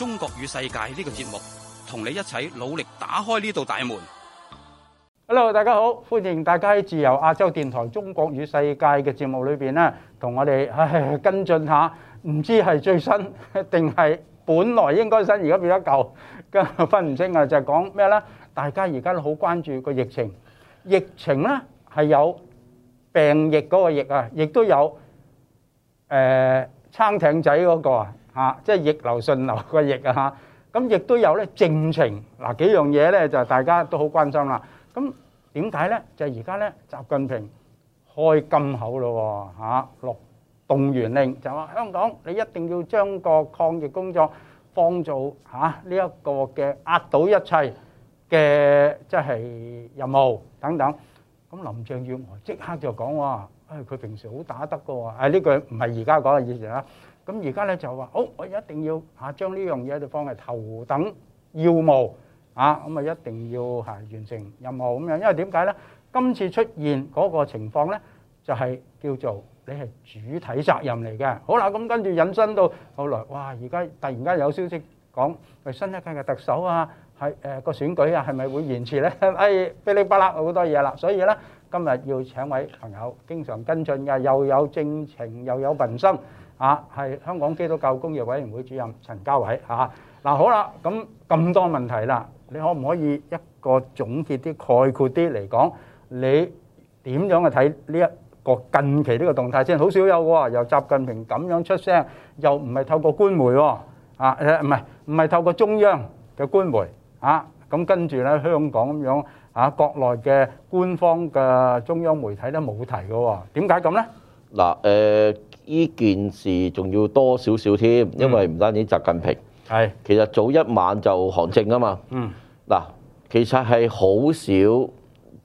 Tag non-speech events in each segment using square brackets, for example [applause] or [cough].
中國與世界呢個節目，同你一齊努力打開呢道大門。Hello，大家好，歡迎大家喺自由亞洲電台《中國與世界》嘅節目裏邊咧，同我哋唉跟進下。唔知係最新定係本來應該新，而家變咗舊，跟分唔清啊！就講咩咧？大家而家都好關注個疫情，疫情咧係有病疫嗰個疫啊，亦都有誒撐艇仔嗰個啊。嚇，即係逆流順流個逆啊嚇！咁亦都有咧正情嗱幾樣嘢咧，就大家都好關心啦。咁點解咧？就而家咧，習近平開金口咯喎嚇，落動員令，就話香港你一定要將個抗疫工作放做嚇呢一個嘅壓倒一切嘅即係任務等等。咁林鄭月娥即刻就講喎。啊！佢平時好打得個喎，啊呢句唔係而家講啦，以前啦。咁而家咧就話：好，我一定要啊，將呢樣嘢就放係頭等要務啊。咁啊，一定要係完成任務咁樣。因為點解咧？今次出現嗰個情況咧，就係叫做你係主體責任嚟嘅。好啦，咁跟住引申到後來，哇！而家突然間有消息講，新一屆嘅特首啊，係誒個選舉啊，係咪會延遲咧？哎，噼里啪啦好多嘢啦，所以咧。今日要請位朋友經常跟進嘅，又有政情又有民生啊，係香港基督教工業委員會主任陳家偉啊。嗱，好啦，咁咁多問題啦，你可唔可以一個總結啲概括啲嚟講，你點樣去睇呢一個近期呢個動態先？好少有㗎，由習近平咁樣出聲，又唔係透過官媒啊，唔係唔係透過中央嘅官媒啊，咁跟住咧，香港咁樣。啊！國內嘅官方嘅中央媒體都冇提㗎喎，點解咁呢？嗱，誒呢件事仲要多少少添，因為唔單止習近平，係其實早一晚就韓正啊嘛。嗯。嗱，其實係好少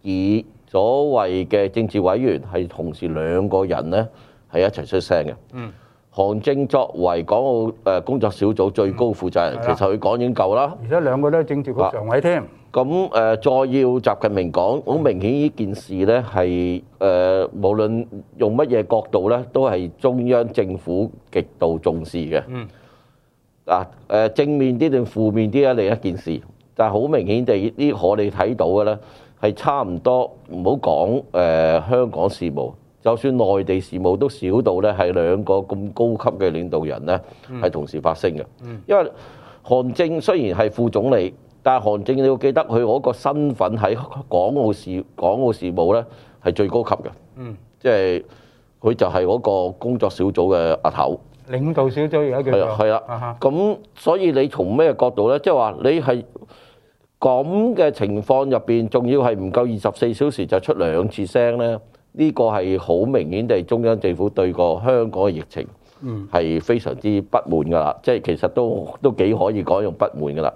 以所謂嘅政治委員係同時兩個人呢係一齊出聲嘅。嗯。韓正作為港澳誒工作小組最高負責人，其實佢講已經夠啦。而且兩個都係政治局常委添。咁誒，再要習近平講，好明顯呢件事咧係誒，無論用乜嘢角度咧，都係中央政府極度重視嘅。嗯。嗱誒，正面啲定負面啲啊？另一件事，但係好明顯地，呢我哋睇到嘅咧，係差唔多。唔好講誒香港事務，就算內地事務都少到咧係兩個咁高級嘅領導人咧係同時發聲嘅。嗯。因為韓正雖然係副總理。但係韓正，你要記得佢嗰個身份喺港澳事港澳事務呢係最高級嘅，嗯，即係佢就係嗰個工作小組嘅阿頭，領導小組而家叫做係啊，咁所以你從咩角度呢？即係話你係咁嘅情況入邊，仲要係唔夠二十四小時就出兩次聲呢？呢個係好明顯地，中央政府對個香港嘅疫情係非常之不滿噶啦，即係其實都都幾可以講用不滿噶啦。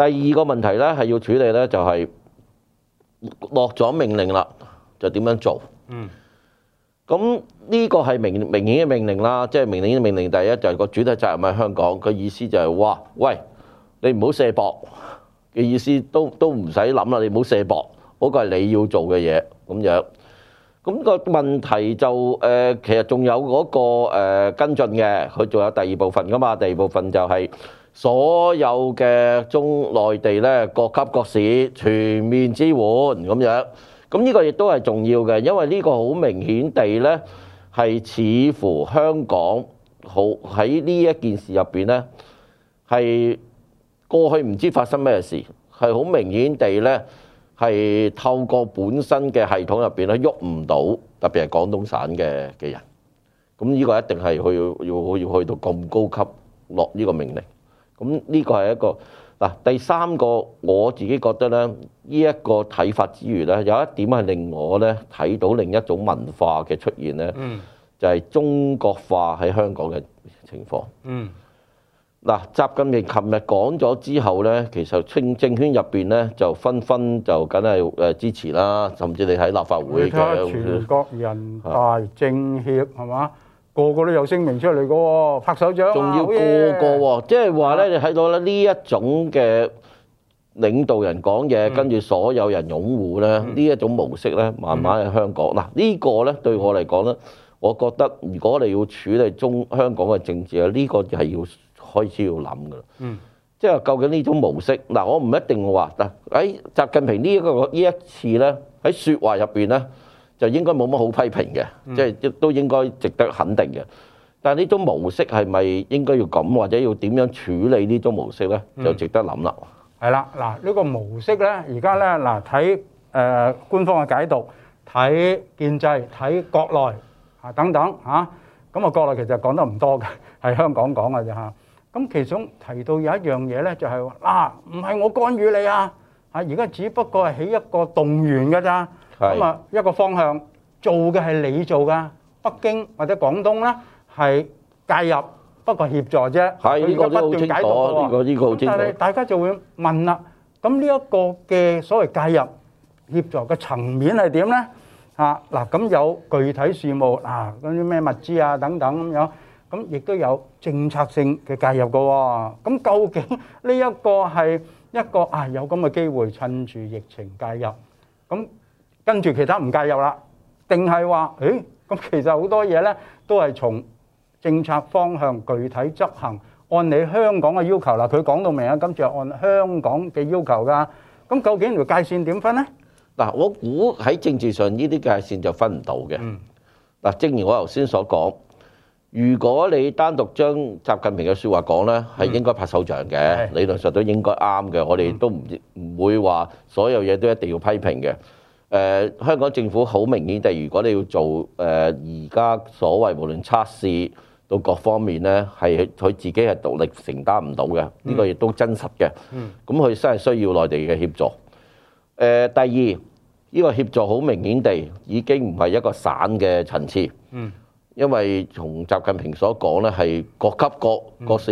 第二個問題呢，係要處理呢就係落咗命令啦，就點樣做？嗯，咁呢個係明明顯嘅命令啦，即係明顯嘅命令。第一就係、是、個主體責任係香港，佢意思就係、是、哇，喂，你唔好卸薄，嘅意思都都唔使諗啦，你唔好卸薄。那」嗰個係你要做嘅嘢咁樣。咁、那個問題就誒、呃，其實仲有嗰個、呃、跟進嘅，佢仲有第二部分噶嘛，第二部分就係、是。所有嘅中內地呢，各級各市全面支援咁樣，咁呢個亦都係重要嘅，因為呢個好明顯地呢，係似乎香港好喺呢一件事入邊呢，係過去唔知發生咩事，係好明顯地呢，係透過本身嘅系統入邊咧喐唔到，特別係廣東省嘅嘅人，咁呢個一定係去要要，要去到咁高級落呢個命令。咁呢個係一個嗱，第三個我自己覺得咧，依一個睇法之餘咧，有一點係令我咧睇到另一種文化嘅出現咧，就係中國化喺香港嘅情況。嗯，嗱習近平琴日講咗之後咧，其實政政圈入邊咧就紛紛就梗係誒支持啦，甚至你喺立法會嘅全國人大政協係嘛？個個都有聲明出嚟嘅喎，拍手掌。仲要個個喎，啊、即係話咧，嗯、你睇到咧呢一種嘅領導人講嘢，嗯、跟住所有人擁護咧，呢、嗯、一種模式咧，慢慢喺香港嗱、嗯呢個、呢個咧對我嚟講咧，我覺得如果你要處理中香港嘅政治咧，呢、呢個係要開始要諗嘅啦。嗯，即係究竟呢種模式嗱，我唔一定話嗱，喺習近平呢一個呢一次咧喺説話入邊咧。就應該冇乜好批評嘅，即係亦都應該值得肯定嘅。但係呢種模式係咪應該要咁，或者要點樣處理呢種模式咧，就值得諗啦。係啦，嗱呢個模式咧，而家咧嗱睇誒官方嘅解讀，睇建制，睇國內啊等等嚇。咁啊，國內其實講得唔多嘅，係香港講嘅啫嚇。咁其中提到有一樣嘢咧，就係話嗱，唔係我干預你啊，啊而家只不過係起一個動員㗎咋。咁啊，一個方向做嘅係你做噶，北京或者廣東啦，係介入不過協助啫。係呢個不斷解讀。呢個呢個好清楚。但係大家就會問啦，咁呢一個嘅所謂介入協助嘅層面係點咧？啊嗱，咁有具體事務嗱，嗰啲咩物資啊等等咁樣，咁亦都有政策性嘅介入㗎喎。咁究竟呢一個係一個啊有咁嘅機會趁住疫情介入咁？跟住其他唔介入啦，定係話？誒，咁其實好多嘢呢，都係從政策方向、具體執行，按你香港嘅要求啦。佢講到明啊，今次係按香港嘅要求噶。咁究竟條界線點分呢？嗱，我估喺政治上呢啲界線就分唔到嘅。嗱，正如我頭先所講，如果你單獨將習近平嘅説話講呢，係應該拍手掌嘅，理論上都應該啱嘅。我哋都唔唔會話所有嘢都一定要批評嘅。誒，香港政府好明顯地，如果你要做誒，而家所謂無論測試到各方面咧，係佢自己係獨立承擔唔到嘅，呢個亦都真實嘅。咁佢真係需要內地嘅協助。誒，第二，呢個協助好明顯地已經唔係一個省嘅層次。嗯。因為從習近平所講咧，係各級、各、各市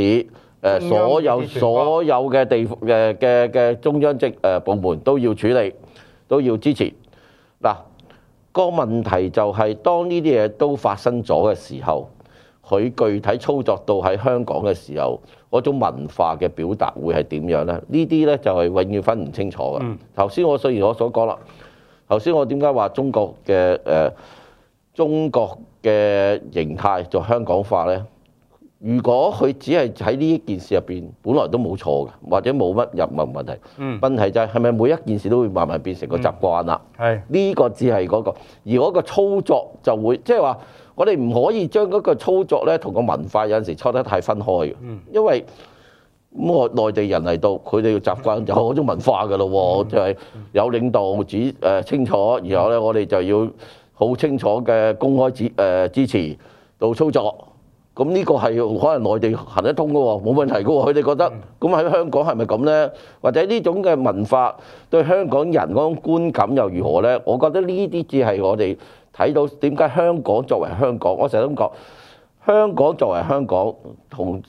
誒，所有所有嘅地嘅嘅嘅中央職誒、部門都要處理，都要支持。嗱，個問題就係當呢啲嘢都發生咗嘅時候，佢具體操作到喺香港嘅時候，嗰種文化嘅表達會係點樣呢？呢啲呢就係永遠分唔清楚嘅。頭先我雖然我所講啦，頭先我點解話中國嘅誒、呃、中國嘅形態就香港化呢？如果佢只係喺呢一件事入邊，本來都冇錯嘅，或者冇乜任何問題。嗯、問題就係係咪每一件事都會慢慢變成個習慣啦？係呢、嗯、個只係嗰、嗰個，而嗰個操作就會即係話，我哋唔可以將嗰個操作咧同個文化有陣時抽得太分開嘅。嗯、因為咁內地人嚟到，佢哋要習慣、嗯、就好種文化嘅咯、哦，就係、是、有領導指誒、呃、清楚，然後咧我哋就要好清楚嘅公開指誒、呃呃、支持到操作。咁呢個係可能內地行得通嘅喎、哦，冇問題嘅喎、哦。佢哋覺得咁喺香港係咪咁呢？或者呢種嘅文化對香港人嗰種觀感又如何呢？我覺得呢啲只係我哋睇到點解香港作為香港，我成日都講香港作為香港同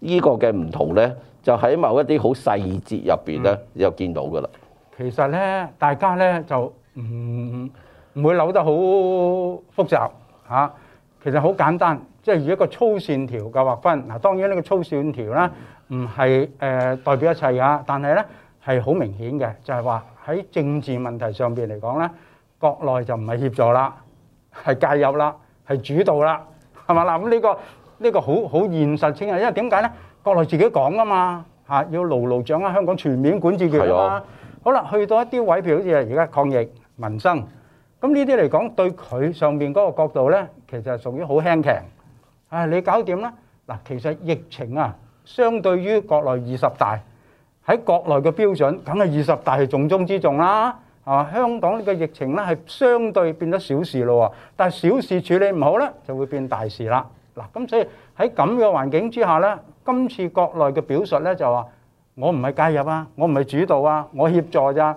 呢個嘅唔同呢，就喺某一啲好細節入邊呢，又、嗯、見到嘅啦。其實呢，大家呢就唔唔會扭得好複雜嚇、啊，其實好簡單。即係以一個粗線條嘅劃分，嗱當然呢個粗線條咧唔係誒代表一切嘅，但係咧係好明顯嘅，就係話喺政治問題上邊嚟講咧，國內就唔係協助啦，係介入啦，係主導啦，係咪啦？嗱咁呢個呢個好好現實清啊！因為點解咧？國內自己講噶嘛嚇，要牢牢掌握香港全面管治權嘛。好啦，去到一啲位譬如好似係而家抗疫民生，咁呢啲嚟講對佢上邊嗰個角度咧，其實係屬於好輕騎。唉，你搞掂啦！嗱，其實疫情啊，相對於國內二十大喺國內嘅標準，梗係二十大係重中之重啦。啊，香港呢個疫情咧係相對變咗小事咯喎，但係小事處理唔好咧，就會變大事啦。嗱，咁所以喺咁嘅環境之下咧，今次國內嘅表述咧就話我唔係介入啊，我唔係主導啊，我協助咋。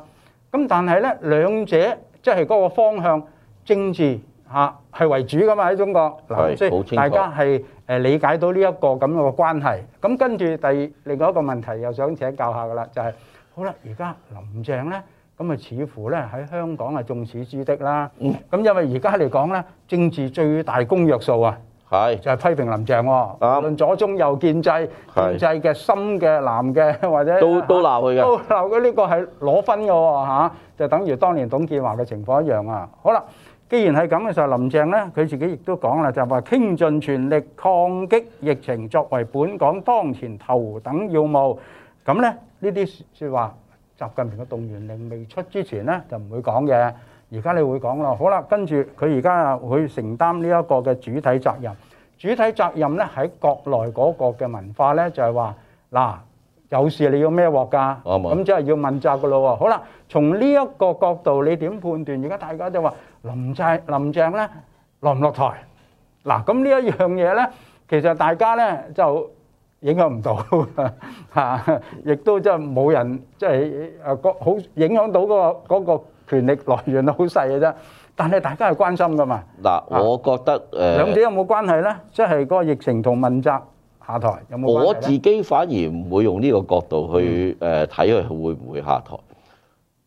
咁但係咧，兩者即係嗰個方向政治。嚇係為主噶嘛喺中國，嗱，即係大家係誒，理解到呢一個咁樣嘅關係。咁跟住第二另外一個問題又想請教下噶啦，就係好啦，而家林鄭咧，咁啊，似乎咧喺香港係眾矢之的啦。咁因為而家嚟講咧，政治最大公約數啊，係就係批評林鄭喎，無論左中右建制，建制嘅、深嘅、藍嘅或者都都鬧佢嘅，鬧佢呢個係攞分嘅喎嚇，就等於當年董建華嘅情況一樣啊。好啦。既然係咁嘅時候，林鄭呢佢自己亦都講啦，就話傾盡全力抗擊疫情，作為本港當前頭等要務。咁呢呢啲説話，習近平嘅動員令未出之前呢就唔會講嘅。而家你會講咯，好啦，跟住佢而家會承擔呢一個嘅主體責任。主體責任呢喺國內嗰個嘅文化呢就係話，嗱有事你要孭鑊㗎？咁即係要問責㗎咯喎。好啦，從呢一個角度你點判斷？而家大家就話。林鄭林鄭咧落唔落台？嗱咁呢一樣嘢咧，其實大家咧就影響唔到，嚇，亦都即係冇人即係誒個好影響到嗰個嗰個權力來源好細嘅啫。但係大家係關心噶嘛？嗱，我覺得誒兩者有冇關係咧？即係個疫情同問責下台有冇？我自己反而唔會用呢個角度去誒睇佢會唔會下台。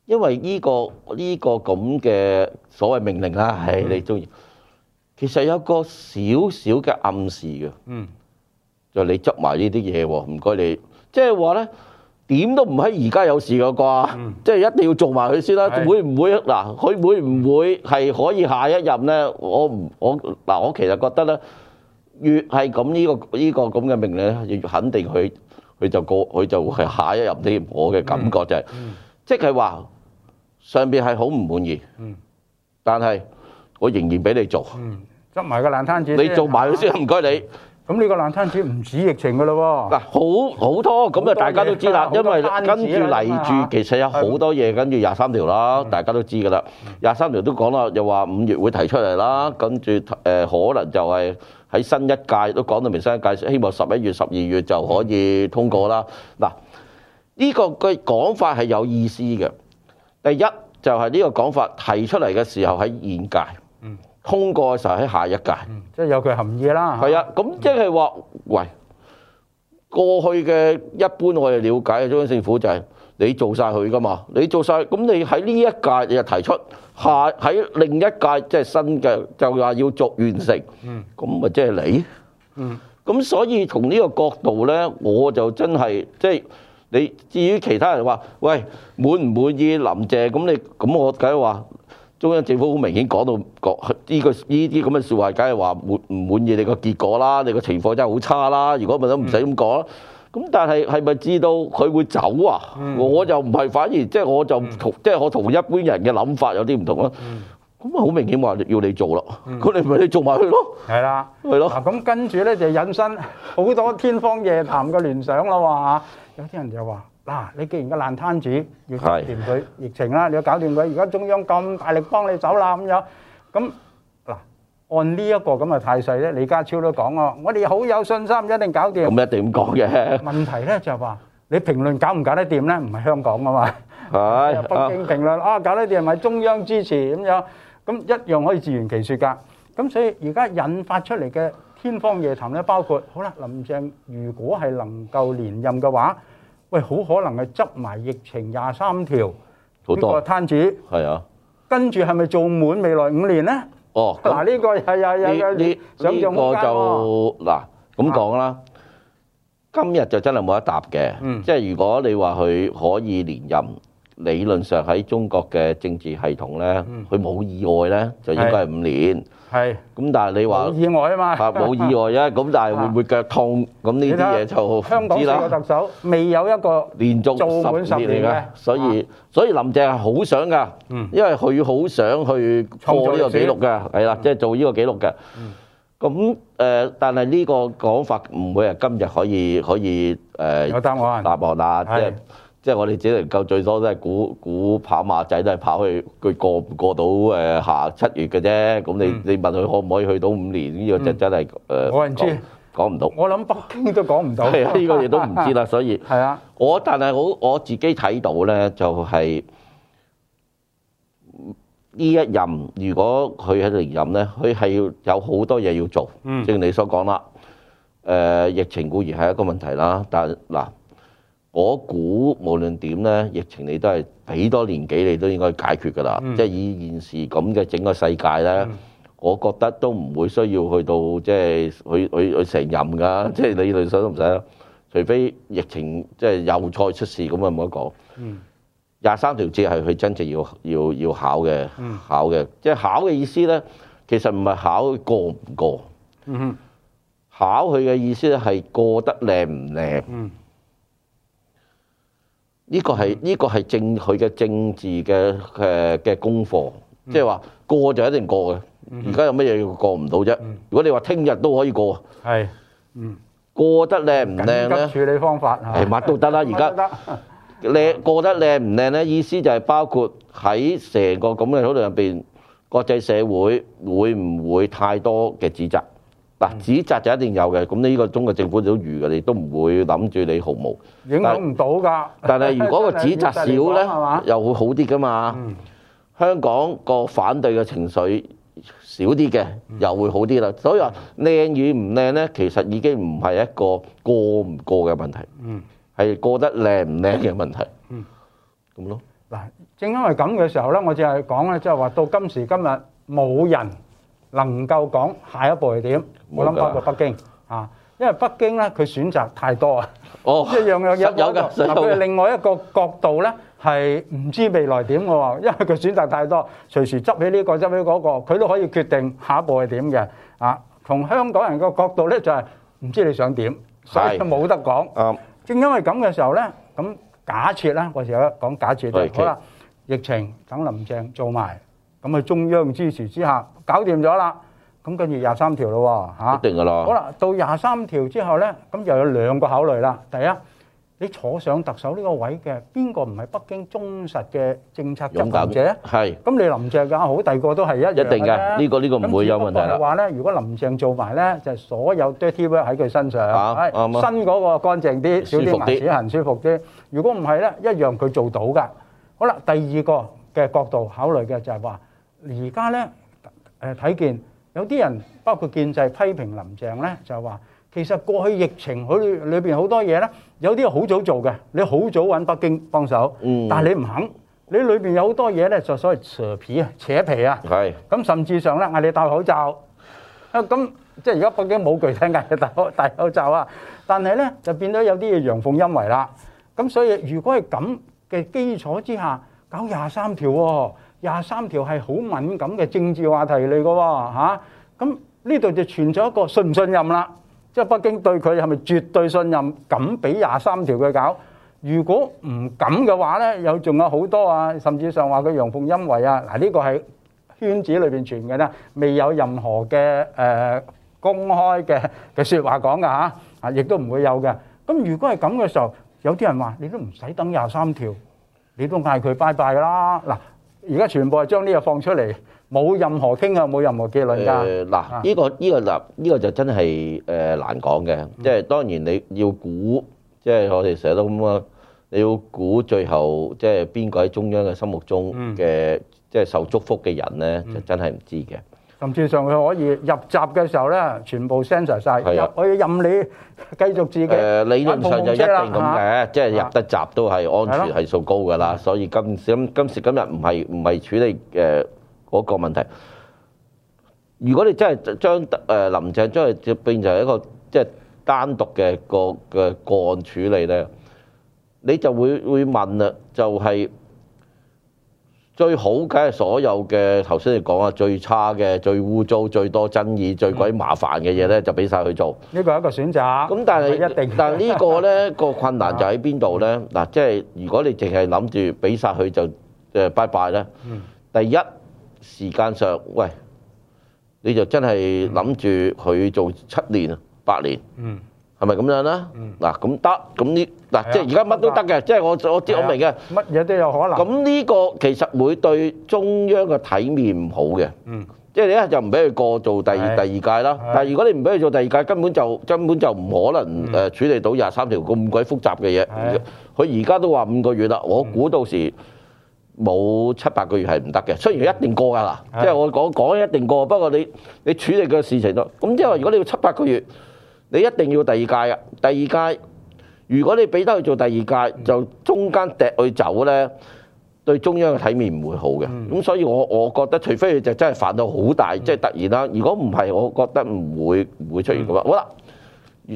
因為呢個呢個咁嘅所謂命令啦，係你中意。其實有個少少嘅暗示嘅，嗯，就你執埋呢啲嘢喎，唔該你。即係話咧，點都唔係而家有事嘅啩，即係一定要做埋佢先啦。會唔會啊？嗱，佢會唔會係可以下一任咧？我唔我嗱，我其實覺得咧，越係咁呢個呢個咁嘅命令咧，越肯定佢佢就過佢就係下一任添。我嘅感覺就係，即係話。上邊係好唔滿意，但係我仍然俾你做。執埋、嗯、個爛攤子，你做埋先，唔該你。咁呢、啊嗯、個爛攤子唔止疫情嘅咯喎。嗱，好好多咁啊多吧，大家都知啦，因為跟住嚟住，其實有好多嘢跟住廿三條啦，大家都知嘅啦。廿三條都講啦，又話五月會提出嚟啦，跟住誒、呃、可能就係喺新一屆都講到明新一屆，希望十一月、十二月就可以通過啦。嗱、嗯，呢、嗯這個嘅講法係有意思嘅。第一就係呢個講法提出嚟嘅時候喺現屆，通過嘅時候喺下一屆，即係有佢含義啦。係啊，咁即係話，喂，過去嘅一般我哋了解中央政府就係你做晒佢噶嘛，你做晒，咁你喺呢一屆你又提出，下喺另一屆即係新嘅就話要作完成，咁咪即係你，咁所以從呢個角度呢，我就真係即係。你至於其他人話，喂，滿唔滿意林鄭？咁你咁我梗係話中央政府好明顯講到講呢個呢啲咁嘅説話，梗係話滿唔滿意你個結果啦，你個情況真係好差啦。如果咪都唔使咁講啦。咁、嗯、但係係咪知道佢會走啊？嗯、我就唔係，反而即係、就是、我就同即係我同一般人嘅諗法有啲唔同啦。嗯咁啊，好明顯話要你做咯，咁你咪你做埋佢咯。係啦，係咯。嗱，咁跟住咧就引申好多天方夜譚嘅聯想啦喎。有啲人就話：嗱，你既然個爛攤子要搞掂佢疫情啦，你要搞掂佢。而家中央咁大力幫你走啦，咁樣咁嗱，按呢一個咁嘅態勢咧，李家超都講啊，我哋好有信心，一定搞掂。咁一定咁講嘅。問題咧就話你評論搞唔搞得掂咧？唔係香港啊嘛。係。北京評論啊，搞得掂咪中央支持咁樣。咁一樣可以自圓其説㗎，咁所以而家引發出嚟嘅天方夜譚咧，包括好啦，林鄭如果係能夠連任嘅話，喂，好可能係執埋疫情廿三條呢個攤子，係啊，跟住係咪做滿未來五年咧？哦，咁呢個又又又又想做滿㗎喎。嗱，咁講啦，今日就真係冇得答嘅，即係如果你話佢可以連任。理論上喺中國嘅政治系統咧，佢冇、嗯、意外咧，就應該係五年。係是。咁但係你話意外啊嘛？嚇冇意外吖，咁但係會唔會腳痛？咁呢啲嘢就香港四個特首未有一個連續做滿十年嘅，所以、嗯、所以林鄭係好想㗎，因為佢好想去破呢個紀錄㗎，係啦，嗯、即係做呢個記錄㗎。咁誒、嗯嗯嗯，但係呢個講法唔會係今日可以可以誒、呃、有答案答案啦，即係。即係我哋只能夠最多都係估估跑馬仔都係跑去佢過唔過到誒下、呃、七月嘅啫。咁你你問佢可唔可以去到五年呢？這個就真係誒冇人知講唔到。我諗北京都講唔到。呢、 [laughs] 啊啊啊、 [laughs] 個嘢都唔知啦。所以係啊，但我但係好我自己睇到咧，就係、是、呢一任如果佢喺度任咧，佢係要有好多嘢要做。嗯，正如你所講啦。誒、呃，疫情固然係一個問題啦，但嗱。我估無論點咧，疫情你都係幾多年幾，你都應該解決㗎啦。即係以現時咁嘅整個世界咧，我覺得都唔會需要去到即係去去去承任㗎。即係你兩手都唔使啦，除非疫情即係又再出事咁啊，唔好講。廿三條節係佢真正要要要考嘅，考嘅。即係考嘅意思咧，其實唔係考過唔過，考佢嘅意思咧係過得靚唔靚。呢個係呢、呢個係政佢嘅政治嘅誒嘅功課，即係話過就一定過嘅。而家有乜嘢過唔到啫？如果你話聽日都可以過，係嗯過得靚唔靚咧？緊急處理方法係乜、哎嗯、都得啦。而家得靚過得靚唔靚咧？意思就係包括喺成個咁嘅討論入邊，國際社會會唔會太多嘅指責？嗱，指責就一定有嘅，咁呢？呢個中國政府都預嘅，你都唔會諗住你毫無影響唔到㗎。但係如果個指責少呢，又會好啲㗎嘛。香港個反對嘅情緒少啲嘅，又會好啲啦。所以話靚與唔靚呢，其實已經唔係一個過唔過嘅問題，係過得靚唔靚嘅問題。咁咯。嗱，正因為咁嘅時候呢，我就係講呢，即係話到今時今日冇人。能夠講下一步係點？我諗過北京啊，因為北京咧，佢選擇太多啊，一樣又有一個。有噶。嗱，佢另外一個角度咧，係唔知未來點嘅喎，因為佢選擇太多，隨時執起呢個執起嗰個，佢都可以決定下一步係點嘅啊。從香港人嘅角度咧，就係唔知你想點，所以冇得講。正因為咁嘅時候咧，咁假設咧，我時講假設啦。好啦，疫情等林鄭做埋，咁喺中央支持之下。搞掂咗啦，咁跟住廿三條咯喎嚇，一定噶咯。好啦，到廿三條之後咧，咁又有兩個考慮啦。第一，你坐上特首呢個位嘅，邊個唔係北京忠實嘅政策執行者咧？係。咁你林鄭又好，第二個都係一樣嘅，一定嘅。呢個呢個唔會有問題啦。咁我只不過就話咧，如果林鄭做埋咧，就所有 dirty work 喺佢身上。嚇，新嗰個乾淨啲，少啲牙齒痕，舒服啲。如果唔係咧，一樣佢做到㗎。好啦，第二個嘅角度考慮嘅就係話，而家咧。誒睇見有啲人，包括建制批評林鄭咧，就話其實過去疫情佢裏邊好多嘢咧，有啲好早做嘅，你好早揾北京幫手，嗯，但係你唔肯，你裏邊有好多嘢咧，就所謂扯皮啊、扯皮啊，係，咁甚至上咧嗌你戴口罩，啊咁即係而家北京冇具體嗌你戴戴口罩啊，但係咧就變咗有啲嘢陽奉陰違啦，咁所以如果係咁嘅基礎之下搞廿三條喎。廿三條係好敏感嘅政治話題嚟㗎喎，嚇咁呢度就存在一個信唔信任啦，即係北京對佢係咪絕對信任，敢俾廿三條佢搞？如果唔敢嘅話咧，有仲有好多啊，甚至上話佢陽奉陰違啊！嗱，呢個係圈子裏邊傳嘅啦，未有任何嘅誒公開嘅嘅説話講㗎嚇，啊，亦都唔會有嘅。咁如果係咁嘅時候，有啲人話你都唔使等廿三條，你都嗌佢拜拜㗎啦嗱。而家全部係將呢個放出嚟，冇任何傾向，冇任何結論㗎。誒嗱、呃，依、這個依、這個嗱，依、這個就真係誒、呃、難講嘅。即、就、係、是、當然你要估，即、就、係、是、我哋成日都咁啊，你要估最後即係邊個喺中央嘅心目中嘅即係受祝福嘅人咧，就真係唔知嘅。嗯嗯甚至上佢可以入閘嘅時候咧，全部 censor 曬，可以任你繼續自己。理論上就一定咁嘅，即係入得閘都係安全係數高噶啦。所以今今今時今日唔係唔係處理誒嗰個問題。如果你真係將誒林鄭將嚟變成一個即係單獨嘅個嘅個案處理咧，你就會會問啦，就係。最好梗係所有嘅頭先你講啊，最差嘅、最污糟、最多爭議、嗯、最鬼麻煩嘅嘢呢，就俾晒佢做。呢個係一個選擇。咁但係，一定但係呢個呢 [laughs] 個困難就喺邊度呢？嗱、嗯，即係如果你淨係諗住俾晒佢就誒拜拜呢。嗯、第一時間上，喂，你就真係諗住佢做七年、嗯、八年。嗯係咪咁樣啦？嗱，咁得咁呢？嗱，即係而家乜都得嘅，即係我我知我明嘅，乜嘢都有可能。咁呢個其實會對中央嘅體面唔好嘅，即係你咧就唔俾佢過做第二第二屆啦。但係如果你唔俾佢做第二屆，根本就根本就唔可能誒處理到廿三條咁鬼複雜嘅嘢。佢而家都話五個月啦，我估到時冇七八個月係唔得嘅。雖然佢一定過噶啦，即係我講講一定過。不過你你處理嘅事情咯，咁即係如果你要七八個月。你一定要第二屆啊！第二屆，如果你俾得佢做第二屆，嗯、就中間掉佢走呢，對中央嘅體面唔會好嘅。咁、嗯、所以我我覺得，除非佢就真係犯到好大，嗯、即係突然啦、嗯。如果唔係，我覺得唔會唔會出現咁啊。好啦，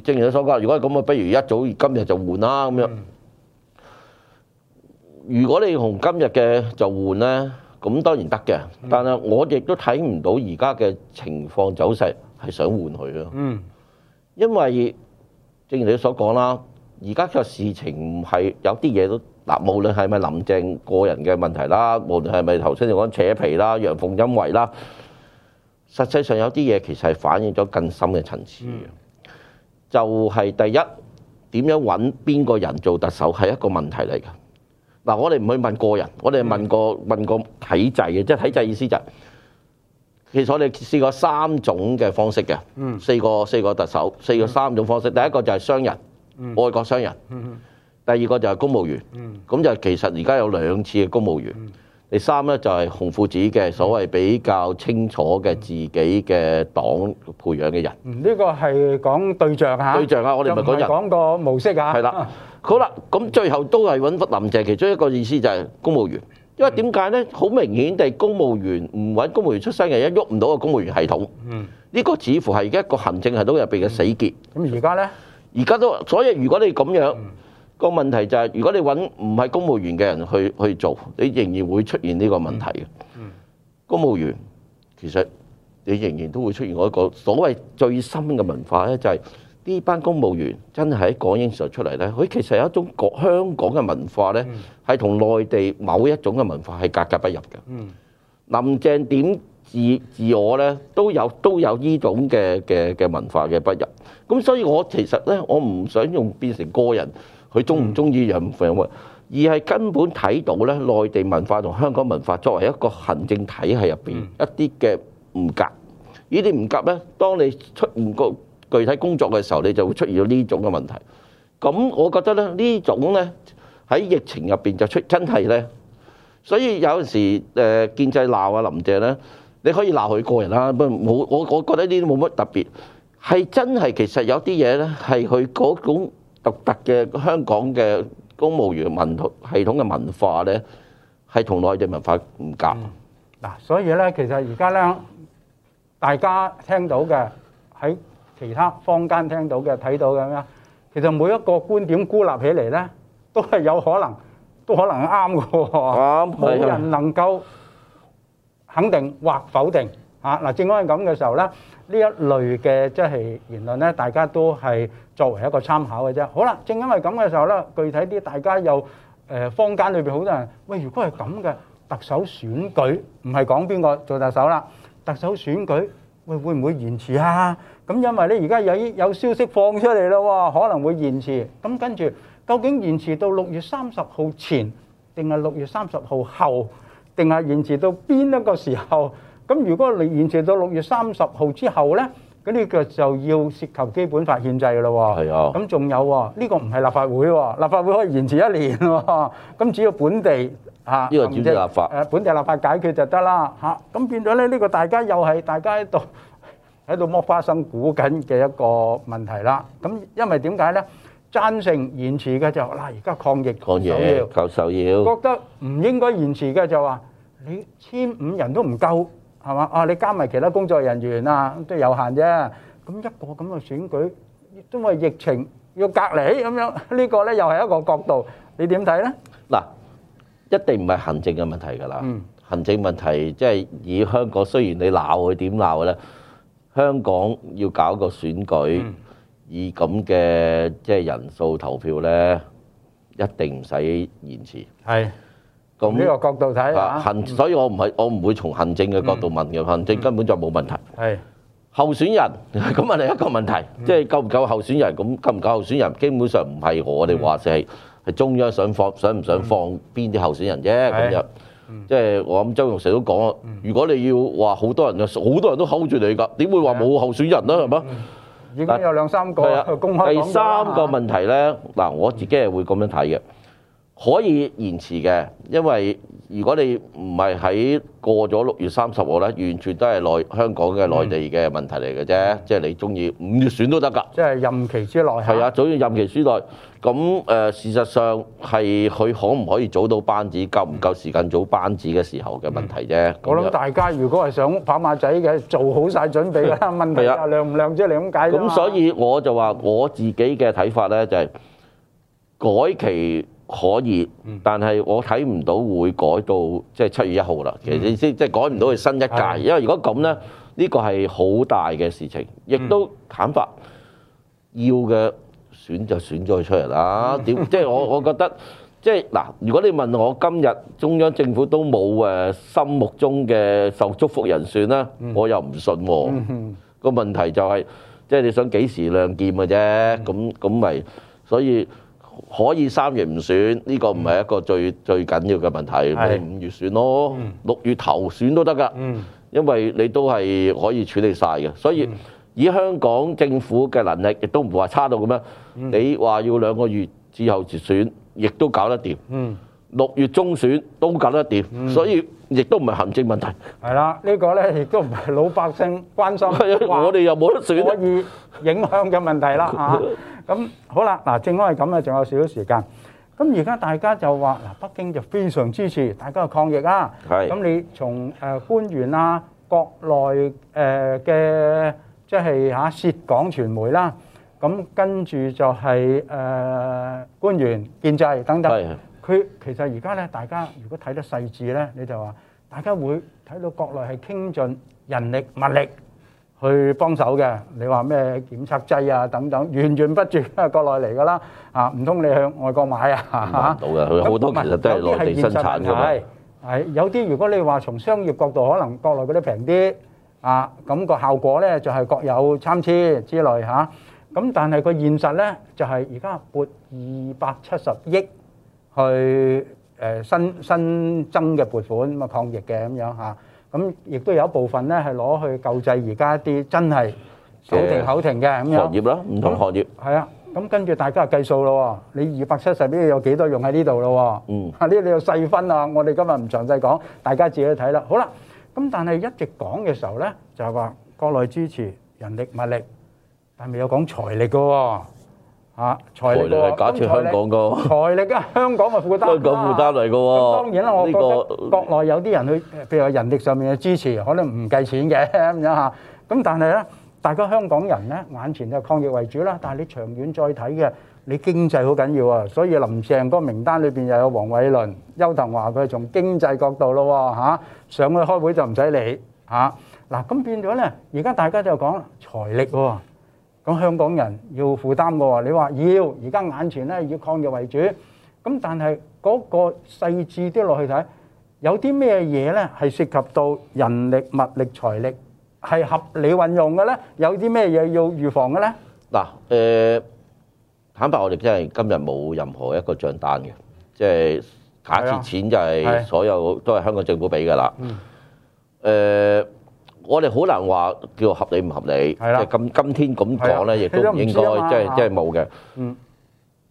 正如你所講，如果係咁啊，不如一早今日就換啦咁樣。嗯、如果你同今日嘅就換呢，咁當然得嘅。但係我亦都睇唔到而家嘅情況走勢係想換佢咯。嗯。因為正如你所講啦，而家嘅事情唔係有啲嘢都嗱，無論係咪林鄭個人嘅問題啦，無論係咪頭先你講扯皮啦、陽奉陰違啦，實際上有啲嘢其實係反映咗更深嘅層次嘅。嗯、就係第一，點樣揾邊個人做特首係一個問題嚟㗎。嗱，我哋唔去問個人，我哋問個、嗯、問個體制嘅，即係。體制意思就係、是。其實我哋試過三種嘅方式嘅，四個四個特首，四個三種方式。第一個就係商人，外國商人；第二個就係公務員，咁就其實而家有兩次嘅公務員。第三咧就係紅褲子嘅所謂比較清楚嘅自己嘅黨培養嘅人。呢個係講對象嚇，對象啊！我哋唔係講人，講個模式嚇。係啦，好啦，咁最後都係揾林鄭，其中一個意思就係公務員。因為點解咧？好明顯地，公務員唔揾公務員出身嘅人，一喐唔到個公務員系統。嗯，呢個似乎係而家個行政系統入邊嘅死結。咁而家咧，而家都所以，如果你咁樣個問題就係，如果你揾唔係公務員嘅人去去做，你仍然會出現呢個問題嘅。嗯，公務員其實你仍然都會出現一個所謂最深嘅文化咧，就係。呢班公務員真係喺港英時代出嚟咧，佢其實有一種港香港嘅文化咧，係同內地某一種嘅文化係格格不入嘅。林鄭點自自我咧，都有都有呢種嘅嘅嘅文化嘅不入。咁所以我其實咧，我唔想用變成個人佢鍾唔鍾意人唔人為，而係根本睇到咧，內地文化同香港文化作為一個行政體系入邊一啲嘅唔夾，呢啲唔夾咧，當你出唔過，具體工作嘅時候，你就會出現咗呢種嘅問題。咁我覺得咧，呢種咧喺疫情入邊就出真係咧。所以有陣時誒建制鬧啊林鄭咧，你可以鬧佢個人啦，不過冇我我覺得呢啲冇乜特別。係真係其實有啲嘢咧係佢嗰種獨特嘅香港嘅公務員文系統嘅文化咧，係同內地文化唔夾。嗱，所以咧其實而家咧大家聽到嘅喺。其他坊間聽到嘅、睇到嘅咁樣，其實每一個觀點孤立起嚟呢，都係有可能，都可能啱嘅喎。冇人能夠肯定或否定吓。嗱，正因為咁嘅時候呢，呢一類嘅即係言論呢，大家都係作為一個參考嘅啫。好啦，正因為咁嘅時候呢，具體啲，大家又誒坊間裏邊好多人喂，如果係咁嘅特首選舉，唔係講邊個做特首啦，特首選舉會會唔會延遲啊？咁因為咧，而家有有消息放出嚟啦，喎，可能會延遲。咁跟住，究竟延遲到六月三十號前，定係六月三十號後，定係延遲到邊一個時候？咁如果你延遲到六月三十號之後呢，嗰啲嘅就要涉及基本法憲制噶咯喎。係啊的。咁仲有喎？呢、呢個唔係立法會喎，立法會可以延遲一年喎。咁只要本地嚇，呢個立法，本地立法解決就得啦嚇。咁變咗咧，呢個大家又係大家喺度。喺度剝花生，估緊嘅一個問題啦。咁因為點解咧？贊成延遲嘅就嗱，而家抗疫緊首要，首要，覺得唔應該延遲嘅就話你千五人都唔夠係嘛啊？你加埋其他工作人員啊，都有限啫。咁一個咁嘅選舉，因為疫情要隔離咁樣，呢個咧又係一個角度。你點睇咧？嗱，一定唔係行政嘅問題㗎啦。行政問題即係以香港，雖然你鬧佢點鬧咧？香港要搞個選舉，以咁嘅即係人數投票呢，一定唔使延遲。係，咁呢個角度睇嚇。行，所以我唔係我唔會從行政嘅角度問嘅，行政根本就冇問題。係候選人，咁係一個問題，即係夠唔夠候選人？咁夠唔夠候選人？基本上唔係我哋話事，係中央想放想唔想放邊啲候選人啫。係。嗯、即係我諗，周融成都講啊，如果你要話好多人嘅，好多人都睺住你㗎，點會話冇候選人呢？係咪、嗯嗯？已經有兩三個但、啊、公開。第三個問題呢，嗱、嗯，我自己係會咁樣睇嘅，可以延遲嘅，因為如果你唔係喺過咗六月三十號呢，完全都係內香港嘅內地嘅問題嚟嘅啫，即係、嗯、你鍾意五月選都得㗎。即係、嗯就是、任期之內係啊，早於任期之內。嗯咁誒、呃，事實上係佢可唔可以組到班子，夠唔夠時間組班子嘅時候嘅問題啫。嗯、就我諗大家如果係想跑馬仔嘅，做好晒準備啦。問題係亮唔亮啫，即係你咁解。咁所以我就話我自己嘅睇法咧，就係改期可以，嗯、但係我睇唔到會改到即係七月一號啦。嗯、其實意思即係改唔到去新一屆，的因為如果咁咧，呢、這個係好大嘅事情，亦、嗯、都坦白要嘅。選就選咗佢出嚟啦，點即係我我覺得即係嗱，如果你問我今日中央政府都冇誒心目中嘅受祝福人選啦，我又唔信喎。個問題就係即係你想幾時亮劍嘅啫，咁咁咪所以可以三月唔選，呢個唔係一個最最緊要嘅問題，你五月選咯，六月投選都得㗎，因為你都係可以處理晒嘅，所以。以香港政府嘅能力，亦都唔話差到咁樣。你話要兩個月之後才選，亦都搞得掂。六月中選都搞得掂，所以亦都唔係行政問題。係啦，呢個咧亦都唔係老百姓關心，我哋又冇得選可以影響嘅問題啦嚇。咁好啦，嗱，正好係咁啊，仲有少少時間。咁而家大家就話嗱，北京就非常支持大家抗疫啦。係咁，你從誒官員啊，國內誒嘅。即係嚇涉港傳媒啦，咁跟住就係、是、誒、呃、官員、建制等等。佢的其實而家咧，大家如果睇得細緻咧，你就話大家會睇到國內係傾盡人力物力去幫手嘅。你話咩檢測劑啊等等，源源不絕都係國內嚟噶啦。啊，唔通你向外國買啊？買到嘅，好多其實都係內地生產嘅。係有啲如果你話從商業角度，可能國內嗰啲平啲。啊，咁個效果咧，就係各有參差之類嚇。咁但係個現實咧，就係而家撥二百七十億去誒新新增嘅撥款，咁啊抗疫嘅咁樣嚇。咁亦都有一部分咧，係攞去救濟而家啲真係手停口停嘅咁樣。行業咯，唔同行業。係啊，咁跟住大家又計數咯。你二百七十億有幾多用喺呢度咯？嗯，呢啲你要細分啊。我哋今日唔詳細講，大家自己去睇啦。好啦。咁但係一直講嘅時候咧，就係話國內支持人力物力，但係未有講財力嘅喎，嚇財力係假設香港嘅財力啊，香港嘅負擔香港負擔嚟嘅喎。當然啦，我覺得國內有啲人去，譬如話人力上面嘅支持，可能唔計錢嘅咁樣嚇。咁但係咧，大家香港人咧，眼前就抗疫為主啦。但係你長遠再睇嘅，你經濟好緊要啊。所以林鄭個名單裏邊又有黃偉綸、邱騰華，佢係從經濟角度咯喎，嚇。上去開會就唔使理吓嗱，咁變咗呢，而家大家就講財力喎，咁香港人要負擔嘅喎，你話要而家眼前呢要抗疫為主，咁但係嗰個細緻啲落去睇，有啲咩嘢呢係涉及到人力、物力、財力係合理運用嘅呢？有啲咩嘢要預防嘅呢？嗱，誒坦白我哋真係今日冇任何一個賬單嘅，即係。下次錢就係所有都係香港政府俾噶啦。誒，我哋好難話叫合理唔合理。即係今今天咁講咧，亦都唔應該，即係即係冇嘅。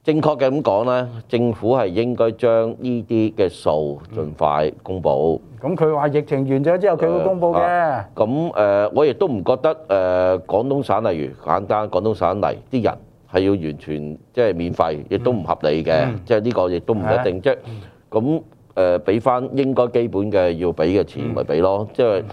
正確嘅咁講咧，政府係應該將呢啲嘅數盡快公佈。咁佢話疫情完咗之後，佢會公佈嘅。咁誒，我亦都唔覺得誒，廣東省例如簡單，廣東省嚟啲人係要完全即係免費，亦都唔合理嘅。即係呢個亦都唔一定即係。咁誒，俾翻應該基本嘅要俾嘅錢，咪俾咯。即係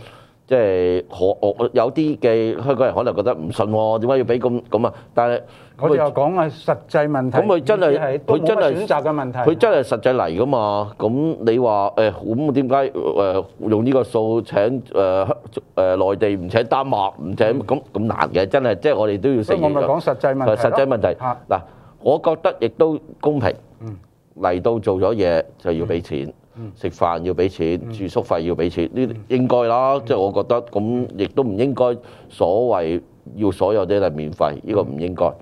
即係，我我有啲嘅香港人可能覺得唔信喎，點解要俾咁咁啊？但係我哋又講啊，實際問題。咁佢真係佢真係選擇嘅問題。佢真係實際嚟噶嘛？咁你話誒咁點解誒用呢個數請誒香誒內地唔請丹麥唔請咁咁難嘅？真係即係我哋都要承認。我咪講實際問題。實際問題嗱，我覺得亦都公平。嗯。嚟到做咗嘢就要俾錢，食飯、嗯、要俾錢，嗯、住宿費要俾錢，呢、嗯、應該啦，即係、嗯、我覺得咁亦都唔應該所謂要所有啲嚟免費，呢、嗯、個唔應該。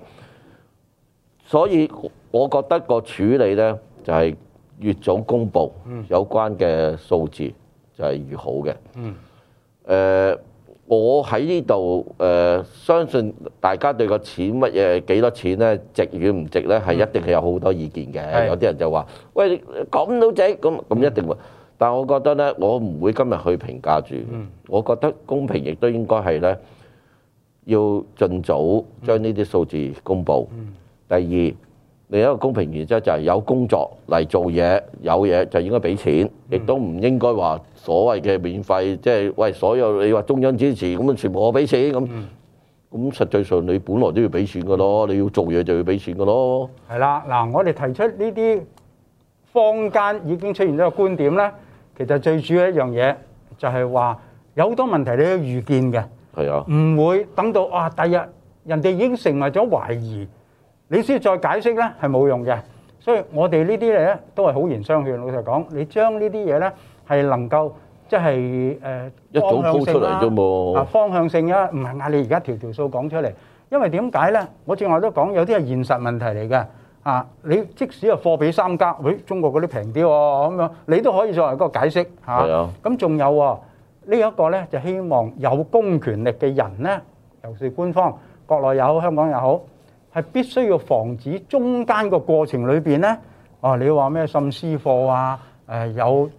所以我覺得個處理呢，就係、是、越早公佈、嗯、有關嘅數字就係越好嘅。嗯，呃我喺呢度誒，相信大家對個錢乜嘢幾多錢呢，值與唔值呢係一定係有好多意見嘅。嗯、有啲人就話：喂，你咁都值咁咁一定喎。嗯、但係我覺得呢，我唔會今日去評價住。嗯、我覺得公平亦都應該係呢，要盡早將呢啲數字公布。嗯嗯、第二。另一個公平原則就係有工作嚟做嘢，有嘢就應該俾錢，亦都唔應該話所謂嘅免費，即係為所有你話中央支持咁全部我俾錢咁，咁實際上你本來都要俾錢嘅咯，你要做嘢就要俾錢嘅咯。係啦，嗱，我哋提出呢啲坊間已經出現咗個觀點咧，其實最主要一樣嘢就係話有好多問題你都要預見嘅，係啊，唔會等到啊，第二日人哋已經成為咗懷疑。你先再解釋咧，係冇用嘅。所以我哋呢啲咧都係好言相勸。老實講，你將呢啲嘢咧係能夠即係誒一早出嚟啫，方向性啊。方向性啊，唔係嗌你而家條條數講出嚟。因為點解咧？我正話都講有啲係現實問題嚟嘅啊。你即使係貨比三家，喂，中國嗰啲平啲喎，咁樣你都可以作為一個解釋嚇。係啊。咁仲有呢一個咧，就希望有公權力嘅人咧，尤其是官方，國內又好，香港又好。係必須要防止中間個過程裏邊咧，哦，你話咩？滲私貨啊，誒有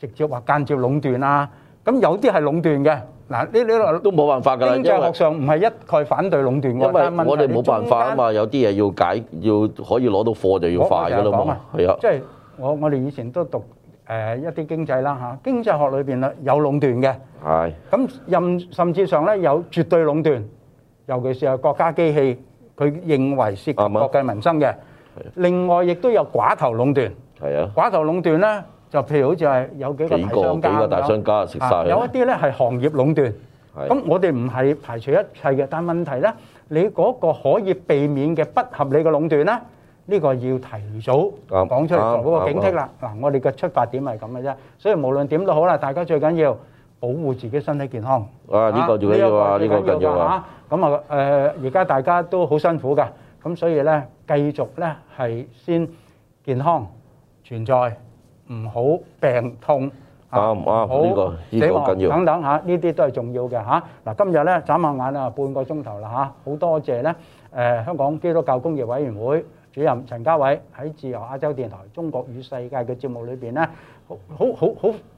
直接或間接壟斷啊，咁有啲係壟斷嘅。嗱，呢呢都冇辦法㗎啦，經濟學上唔係一概反對壟斷嘅，因為我哋冇辦法啊嘛，有啲嘢要解，要可以攞到貨就要快㗎啦嘛。係啊，即係我我哋以前都讀誒一啲經濟啦嚇，經濟學裏邊啦有壟斷嘅，係咁任甚至上咧有絕對壟斷，尤其是係國家機器。佢認為涉及國計民生嘅，另外亦都有寡頭壟斷。係啊，寡頭壟斷咧，就譬如好似係有幾個大商家。幾個大商家食晒。有一啲咧係行業壟斷。係。咁我哋唔係排除一切嘅，但問題咧，你嗰個可以避免嘅不合理嘅壟斷咧，呢個要提早講出嚟同嗰個警惕啦。嗱，我哋嘅出發點係咁嘅啫。所以無論點都好啦，大家最緊要保護自己身體健康。啊，呢個最緊要啊，呢個緊要啊！咁啊誒，而家大家都好辛苦噶，咁所以咧，繼續咧係先健康存在唔好病痛，啱啱呢個醫好緊要等等嚇，呢啲都係重要嘅嚇。嗱，今日咧眨下眼啊，半個鐘頭啦嚇，好多謝咧誒香港基督教工業委員會主任陳家偉喺自由亞洲電台《中國與世界》嘅節目裏邊咧，好好好好。